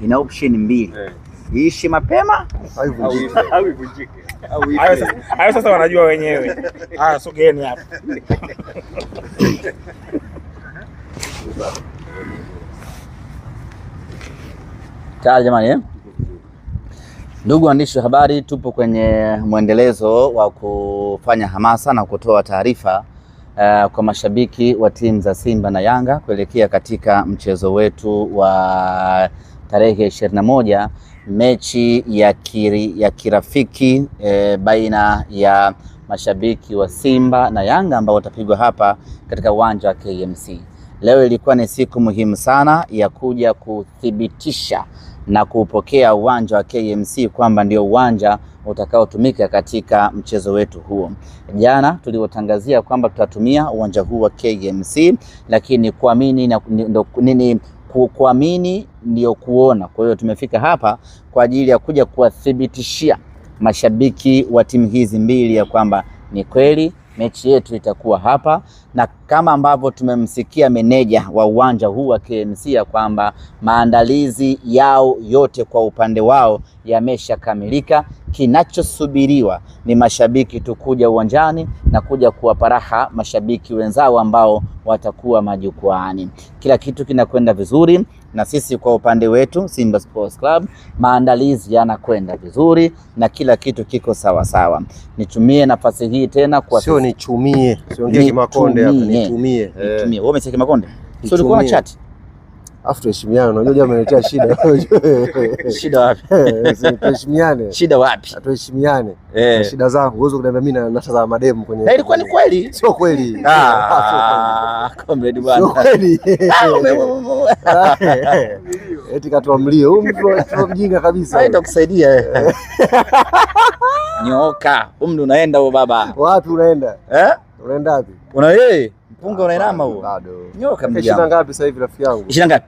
ina option mbili yeah. Iishi mapema au ivunjike. Hayo sasa wanajua wenyewe. Ah, sogeni hapa. Tayari jamani eh? Ndugu waandishi wa habari, tupo kwenye mwendelezo wa kufanya hamasa na kutoa taarifa uh, kwa mashabiki wa timu za Simba na Yanga kuelekea katika mchezo wetu wa tarehe 21 mechi ya, kiri, ya kirafiki e, baina ya mashabiki wa Simba na Yanga ambao watapigwa hapa katika uwanja wa KMC. Leo ilikuwa ni siku muhimu sana ya kuja kuthibitisha na kupokea uwanja wa KMC kwamba ndio uwanja utakaotumika katika mchezo wetu huo. Jana tuliotangazia kwamba tutatumia uwanja huu wa KMC, lakini kuamini na nini kuamini ndiyo kuona. Kwa hiyo tumefika hapa kwa ajili ya kuja kuwathibitishia mashabiki wa timu hizi mbili ya kwamba ni kweli mechi yetu itakuwa hapa, na kama ambavyo tumemsikia meneja wa uwanja huu wa KMC ya kwamba maandalizi yao yote kwa upande wao yameshakamilika. Kinachosubiriwa ni mashabiki tu kuja uwanjani na kuja kuwaparaha mashabiki wenzao ambao watakuwa majukwaani. Kila kitu kinakwenda vizuri na sisi kwa upande wetu Simba Sports Club maandalizi yanakwenda vizuri na kila kitu kiko sawa sawa. Nitumie nafasi hii tena kwa sio nitumie, sio ngie Kimakonde hapa nitumie. Nitumie. Eh. Wewe umesikia Kimakonde? Sio ulikuwa na chat? Afu tuheshimiane, unajua jamaa ameletea shida. Shida wapi? Eh, tuheshimiane. Shida wapi? Tuheshimiane. Eh. Shida zangu uwezo kuniambia mimi natazama mademu kwenye. Na ilikuwa ni kweli? Sio kweli. Ah, comrade bwana. Sio kweli. Ah, Eti katoa mlio. Huyu mtu mjinga kabisa. aenda kusaidia. Nyoka. Umri unaenda huo baba. Wapi unaenda? Eh? Unaenda wapi? Una yeye? Eh, mpunga ah, unainama huo. Bado. Nyoka mjinga. Shida ngapi sasa hivi rafiki yangu? Shida ngapi?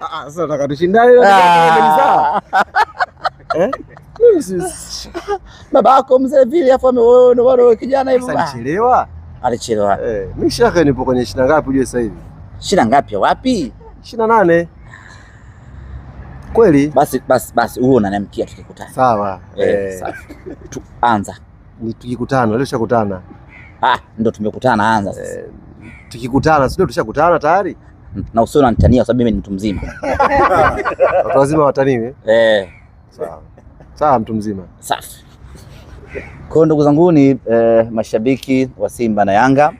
Ah, ah, sasa nataka tushindane na ah. eh? baba yako mzee vile, afu ameona kijana hivyo. Alichelewa, alichelewa. Eh, mimi shaka nipo kwenye shina ngapi ujue sasa hivi? Shina ngapi wapi? Shina nane. Kweli? Basi basi basi, huo unanamkia tukikutana. Sawa. Eh, eh. sawa. Tuanza. Ni tukikutana, leo shakutana ndo tumekutana anza sasa. Eh, tukikutana sio tushakutana tayari? Na usio unanitania kwa sababu mimi ni mtu mzima. Watu wazima wataniwe. Eh? eh. Sawa. Sawa mtu mzima. Safi. Kwa ndugu zangu ni eh, mashabiki wa Simba na Yanga,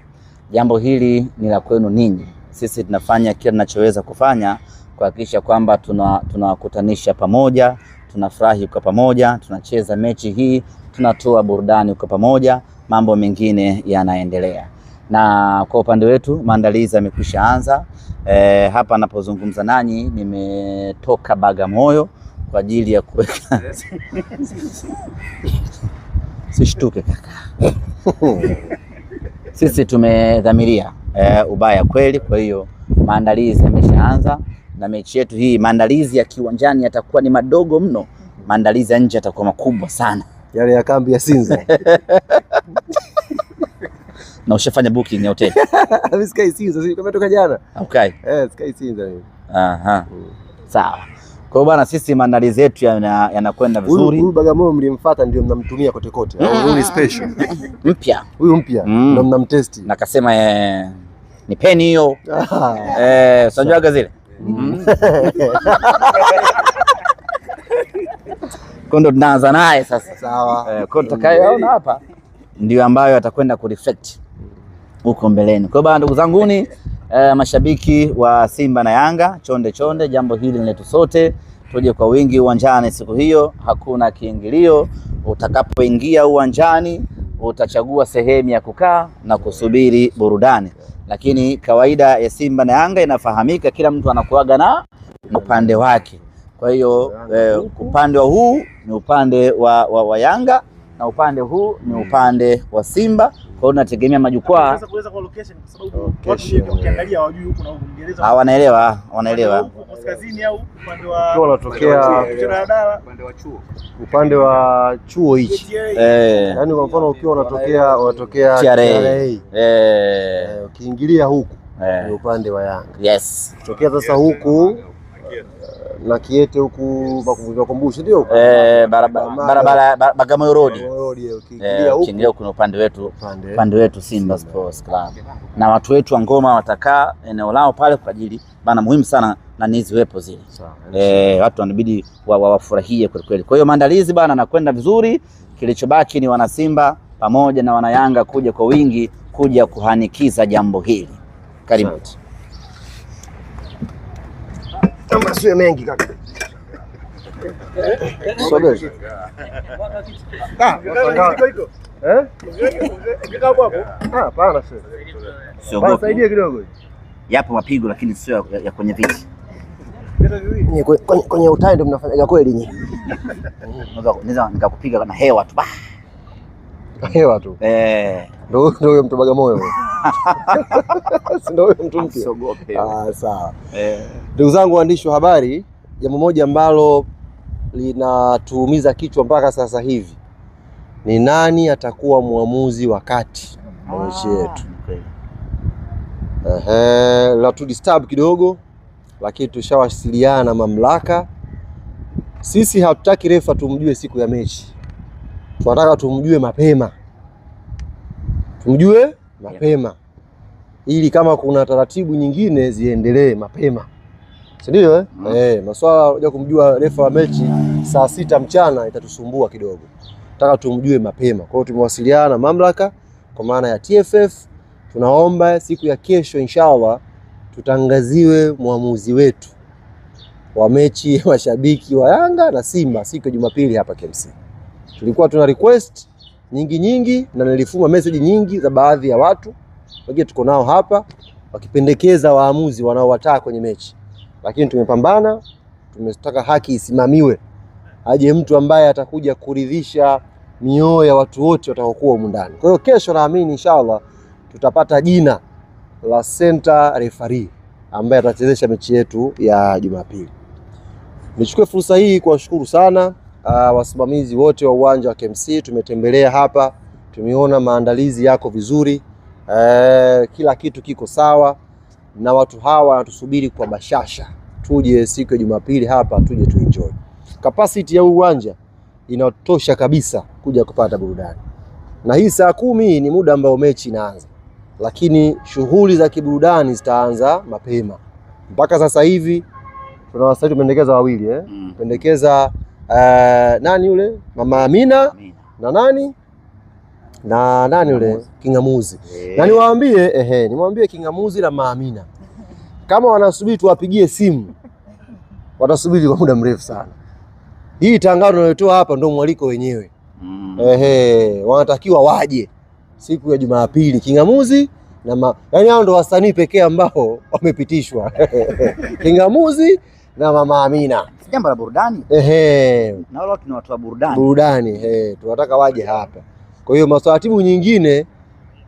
jambo hili ni la kwenu ninyi. Sisi tunafanya kila tunachoweza kufanya kuhakikisha kwamba tunawakutanisha tuna pamoja, tunafurahi kwa pamoja, tunacheza mechi hii, tunatoa burudani kwa pamoja mambo mengine yanaendelea. Na kwa upande wetu maandalizi yamekwisha anza. E, eh, hapa napozungumza nanyi nimetoka Bagamoyo kwa ajili ya kuweka sishtuke kaka, sisi tumedhamiria e, ubaya kweli. Kwa hiyo maandalizi yameshaanza na mechi yetu hii, maandalizi ya kiwanjani yatakuwa ni madogo mno, maandalizi ya nje yatakuwa makubwa sana yale ya kambi ya Sinza na ushafanya booking ya hoteli? Mimi Sinza, Sinza, kama toka jana. Okay. Eh, sikai Sinza mimi. Aha. Mm. Sawa. Kwa hiyo bwana, sisi maandalizi yetu yanakwenda ya vizuri. Huyu Bagamoyo mlimfuata ndio mnamtumia kote kote. au Huyu ni ah. special. Mpya. Huyu mpya mm. ndio mnamtesti. Na kasema eh, ni peni hiyo. Ah. Eh, unajuaga zile. Mm. kwa ndo tunaanza naye sasa. Sawa. Eh, kwa tutakayoona hapa ndio ambayo atakwenda reflect huko mbeleni. Kwa hiyo ndugu zanguni eh, mashabiki wa Simba na Yanga, chonde chonde, jambo hili ni letu sote, tuje kwa wingi uwanjani siku hiyo. Hakuna kiingilio, utakapoingia uwanjani utachagua sehemu ya kukaa na kusubiri burudani, lakini kawaida ya Simba na Yanga inafahamika, kila mtu anakuaga na upande wake. Kwa hiyo eh, upande wa huu ni upande wa, wa, wa Yanga na upande huu ni hmm. upande wa Simba. Kwa hiyo tunategemea majukwaa ah, wanaelewa, wanaelewa upande wa chuo hichi, eh. yaani kwa mfano ukiwa unatokea unatokea TRA eh. eh, ukiingilia huku ni upande wa Yanga, yes. Kutokea sasa huku na Kiete huku makumbusho ndio eh, barabara Bagamoyo Road ukiingia eh, huko, upande wetu upande wetu Simba Sports Club, na watu wetu wa Ngoma watakaa eneo lao pale kwa ajili bana, muhimu sana na niziwepo zile eh, watu wanabidi wawafurahie kweli kweli. Kwa hiyo maandalizi bana nakwenda vizuri, kilichobaki ni wanasimba pamoja na wanayanga kuja kwa wingi kuja kuhanikiza jambo hili. Karibu. Naomba asiwe mengi kaka. Ah, eh? ah, kidogo, yapo mapigo lakini sio ya kwenye viti kwenye utai ndio mnafanyaga kweli nyinyi. Naweza nikakupiga kama hewa tu. bah hewa tu eh, ndio huyo mtu Bagamoyo si ndio huyo mtu mpya? Ah, sawa. Eh. Ndugu zangu waandishi wa habari, jambo moja ambalo linatuumiza kichwa mpaka sasa hivi ni nani atakuwa mwamuzi wa kati wa mechi ah, yetu okay. La tu disturb kidogo, lakini tushawasiliana mamlaka. Sisi hatutaki refa tumjue siku ya mechi tunataka tumjue mapema, tumjue mapema ili kama kuna taratibu nyingine ziendelee mapema, si ndio eh? mm. Hey, eh, maswala ya kumjua refa wa mechi saa sita mchana itatusumbua kidogo, nataka tumjue mapema. Kwa hiyo tumewasiliana na mamlaka kwa maana ya TFF, tunaomba siku ya kesho inshallah tutangaziwe mwamuzi wetu wa mechi ya mashabiki wa Yanga na Simba siku ya Jumapili hapa KMC tulikuwa tuna request nyingi nyingi, na nilifuma message nyingi za baadhi ya watu wengine tuko nao hapa, wakipendekeza waamuzi wanaowataka kwenye mechi, lakini tumepambana, tumetaka haki isimamiwe, aje mtu ambaye atakuja kuridhisha mioyo ya watu wote watakokuwa humu ndani. Kwa hiyo kesho, naamini inshallah, tutapata jina la center referee ambaye atachezesha mechi yetu ya Jumapili. Nichukue fursa hii kuwashukuru sana uh, wasimamizi wote wa uwanja wa KMC tumetembelea hapa, tumeona maandalizi yako vizuri uh, kila kitu kiko sawa, na watu hawa wanatusubiri kwa bashasha tuje siku ya Jumapili hapa tuje tu enjoy. Capacity ya uwanja inatosha kabisa kuja kupata burudani, na hii saa kumi ni muda ambao mechi inaanza, lakini shughuli za kiburudani zitaanza mapema. Mpaka sasa hivi tuna wasanii tumependekeza wawili eh? mm. pendekeza eh, nani yule mama Amina, na nani na nani yule Kingamuzi hey. Eh. Na niwaambie ehe, niwaambie Kingamuzi na mama Amina kama wanasubiri tuwapigie simu, watasubiri kwa muda mrefu sana. Hii tangazo tunalotoa hapa ndio mwaliko wenyewe mm. Ehe, wanatakiwa waje siku ya Jumapili Kingamuzi na ma... yaani hao ndo wasanii pekee ambao wamepitishwa Kingamuzi na mama Amina jambo la burudani ehe, na wala wa burudani burudani, ehe, tunataka waje hapa. Kwa hiyo taratibu nyingine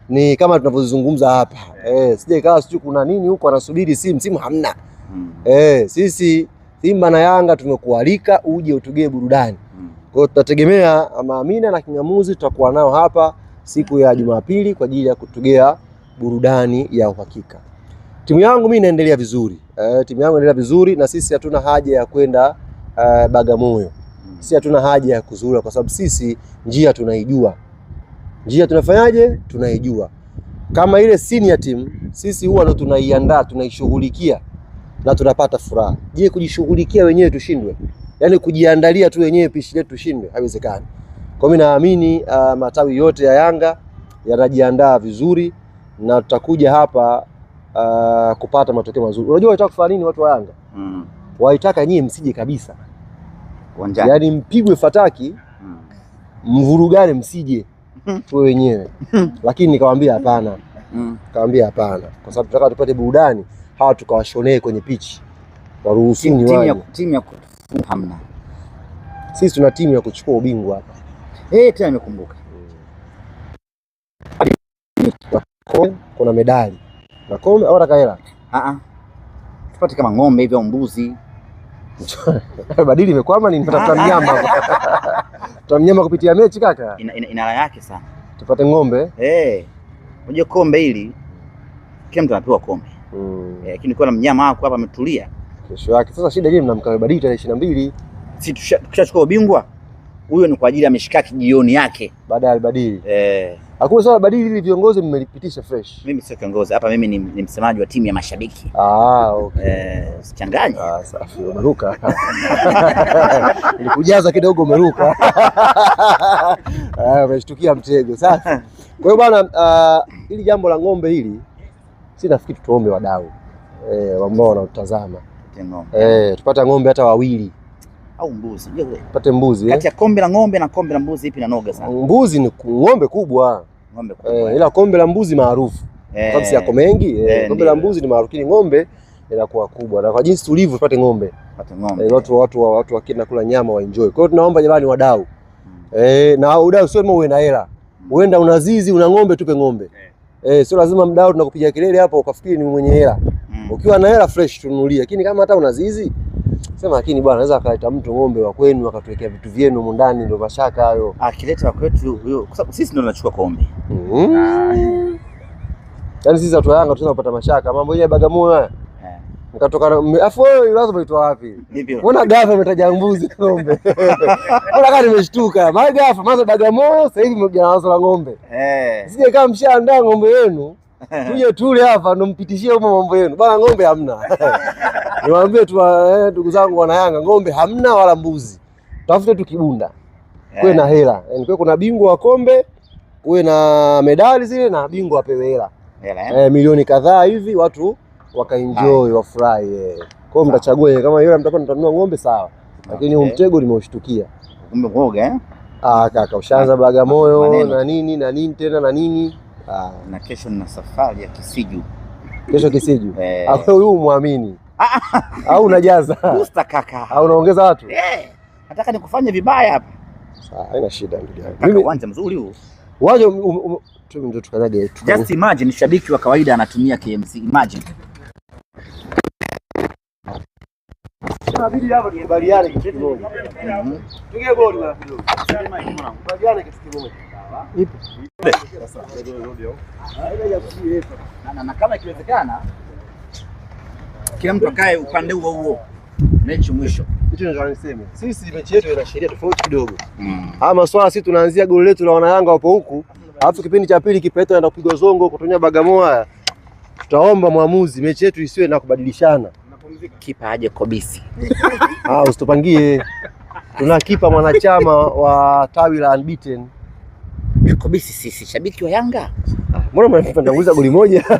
ni kama tunavyozungumza hapa eh, sije kawa sijui kuna nini huko anasubiri si msimu hamna. Eh, sisi Simba na Yanga tumekualika uje utugee burudani. Hmm. Kwa hiyo tutategemea maamina na Kingamuzi tutakuwa nao hapa siku ya Jumapili kwa ajili ya kutugea burudani ya uhakika. Timu yangu mimi inaendelea vizuri eh, timu yangu inaendelea vizuri na sisi hatuna haja ya kwenda eh, Bagamoyo. Sisi hatuna haja ya kuzuru kwa sababu sisi njia tunaijua, njia tunafanyaje, tunaijua. Kama ile senior team sisi huwa ndo tunaiandaa, tunaishughulikia na tunapata furaha. Je, kujishughulikia wenyewe tushindwe? Yani kujiandalia tu wenyewe pishi letu tushindwe? Haiwezekani. Kwa mimi naamini uh, matawi yote ya Yanga yanajiandaa vizuri na tutakuja hapa uh, kupata matokeo mazuri. Unajua walitaka kufanya nini watu wa Yanga? Mm. Walitaka nyie msije kabisa uwanjani, yaani mpigwe fataki mm. mvurugane, msije tuwe wenyewe lakini nikamwambia hapana mm. nikamwambia hapana, kwa sababu tunataka tupate burudani, hawa tukawashonee kwenye pichi, waruhusuni waje. Timu ya hamna, sisi tuna timu ya kuchukua ubingwa hapa. Eh, tena nimekumbuka mm. kuna medali Pakome au Rakaela? Tupate kama ng'ombe hivi au mbuzi. Badili imekwama ni nitafuta mnyama. Tuta mnyama kupitia mechi kaka. Ina ina, ina yake sana. Tupate ng'ombe. Eh. Hey. kombe hili kila mtu anapewa kombe. Mm. Eh, kuwa na mnyama wako hapa ametulia. Kesho yake. Sasa shida je, mnamkawe badili tarehe mbili Si tushachukua ubingwa? Huyo ni kwa ajili ya mishikaki jioni yake. Baada ya albadili. Eh. Hakuna swala badili hili viongozi mmelipitisha fresh. Mimi sio kiongozi. Hapa mimi ni, ni msemaji wa timu ya mashabiki. Ah, okay. Eh, usichanganye. Ah, safi. Umeruka. Nilikujaza kidogo umeruka. Ah, umeshtukia mtego. Safi. Kwa hiyo bwana, uh, ili jambo la ng'ombe hili si nafikiri tuombe wadau. Eh, ambao wanautazama. Eh, tupata ng'ombe hata wawili au mbuzi? Pate mbuzi. Eh? Kati ya kombe la ng'ombe na kombe la mbuzi ipi na noga sana? Mbuzi ni ng'ombe kubwa. Ng'ombe kubwa. Eh, eh, ila kombe la mbuzi maarufu. Eh. Kwa sababu yako mengi, kombe la mbuzi ni maarufu, lakini ng'ombe inakuwa kubwa. Na kwa jinsi tulivyo pate ng'ombe. Pate ng'ombe. Watu watu watu wakina kula nyama wa enjoy. Kwa hiyo tunaomba jamani wadau. Hmm. Eh, na wadau sio mwe na hela. Hmm. Uenda unazizi una ng'ombe tupe ng'ombe. Eh, Eh, sio lazima mdau tunakupigia kelele hapo ukafikiri ni mwenye hela. mm. Ukiwa na hela fresh tununulie. Lakini kama hata unazizi Sema lakini bwana, anaweza akaleta mtu ng'ombe wa kwenu akatuwekea vitu vyenu huko ndani, ndio mashaka hayo. Akileta wa kwetu huyo, kwa sababu sisi ndio tunachukua kombe. Mm. Mm-hmm. Ah. Yaani sisi watu wa Yanga tunaweza kupata mashaka mambo ile Bagamoyo haya. Eh. Nikatoka afu wewe lazima uitwa wapi? Mbona gafa umetaja mbuzi ng'ombe? Mbona kama nimeshtuka. Mbona gafa maana Bagamoyo sasa hivi mmoja na wazo la ng'ombe. Eh. Sije kama mshaandaa ng'ombe wenu. Tuje tule hapa ndo mpitishie huko mambo yenu. Bwana ng'ombe hamna. niwaambie tu eh, ndugu zangu wana Yanga, ng'ombe hamna wala mbuzi, tafute tu kibunda, yeah. kuwe na eh. hela, yaani kuwe kuna bingwa wa kombe, uwe na medali zile na bingwa apewe hela yeah. Eh? eh, milioni kadhaa hivi, watu wakaenjoy ah. wafurahi. Eh. Kwa hiyo mtachagua yeye, kama yule mtakuwa mtanunua ng'ombe sawa, ah, lakini huu mtego nimeushtukia Ah, kaka ushaanza ah, Bagamoyo na nini na nini tena na nini ah. Na kesho nina safari ya Kisiju, kesho Kisiju, eh. huyu mwamini au unajaza booster kaka, au unaongeza watu eh? Nataka nikufanye vibaya hapa. Sawa, haina shida ndugu yangu. Mimi uwanja mzuri huu uwanja um- um- um- ndio tukanyage. Just imagine shabiki wa kawaida anatumia KMC, imagine na kama ikiwezekana kila mtu akae upande huo huo mechi mwisho. Hicho ndio tunasema sisi, mechi yetu ina sheria tofauti kidogo. Haya maswala sisi tunaanzia goli letu la wana Yanga wapo huku, alafu kipindi cha pili kipeto anaenda kupigwa zongo kutonya Bagamoyo. Tutaomba mwamuzi mechi yetu isiwe na kubadilishana, kipa aje Kobisi. Ah, usitupangie tuna kipa mwanachama wa tawi la unbeaten Kobisi. Sisi shabiki wa Yanga, ah, mbona mnatanguliza goli moja?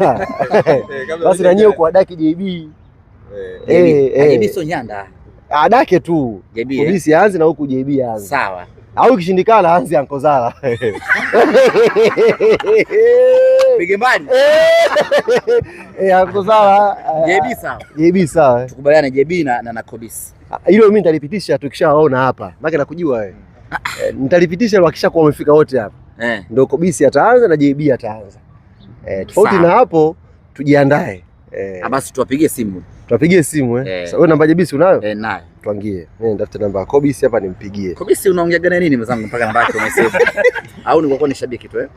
Eh, Basi na nyewe huko wadaki JB eh, eh, eh. Sonyanda adake tu Kobisi eh? aanze na huku JB aanze. Sawa. Au ikishindikana aanze Ankozala. Pigembani. Eh, Ankozala. JB sawa. JB sawa. Tukubaliane JB na na Kobisi. Ah, hilo mimi nitalipitisha tukishaona hapa. Maana nakujua wewe. Nitalipitisha wakisha kwa wamefika wote hapa. Eh. Ndio Kobisi ataanza na JB ataanza. Eh, tofauti na hapo tujiandae. Eh. Basi tuwapigie simu. Tuwapigie simu eh? eh. Sasa wewe namba jebisi unayo? Eh, naye Tuangie. Mimi nitafute namba yako hapa nimpigie. Kobisi unaongea gani nini mzangu mpaka namba yake umesema? Au ni kwa kuwa ni shabiki tu eh?